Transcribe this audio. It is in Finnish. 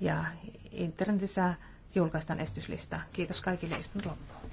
ja internetissä julkaistaan esityslista. Kiitos kaikille istunut loppuun.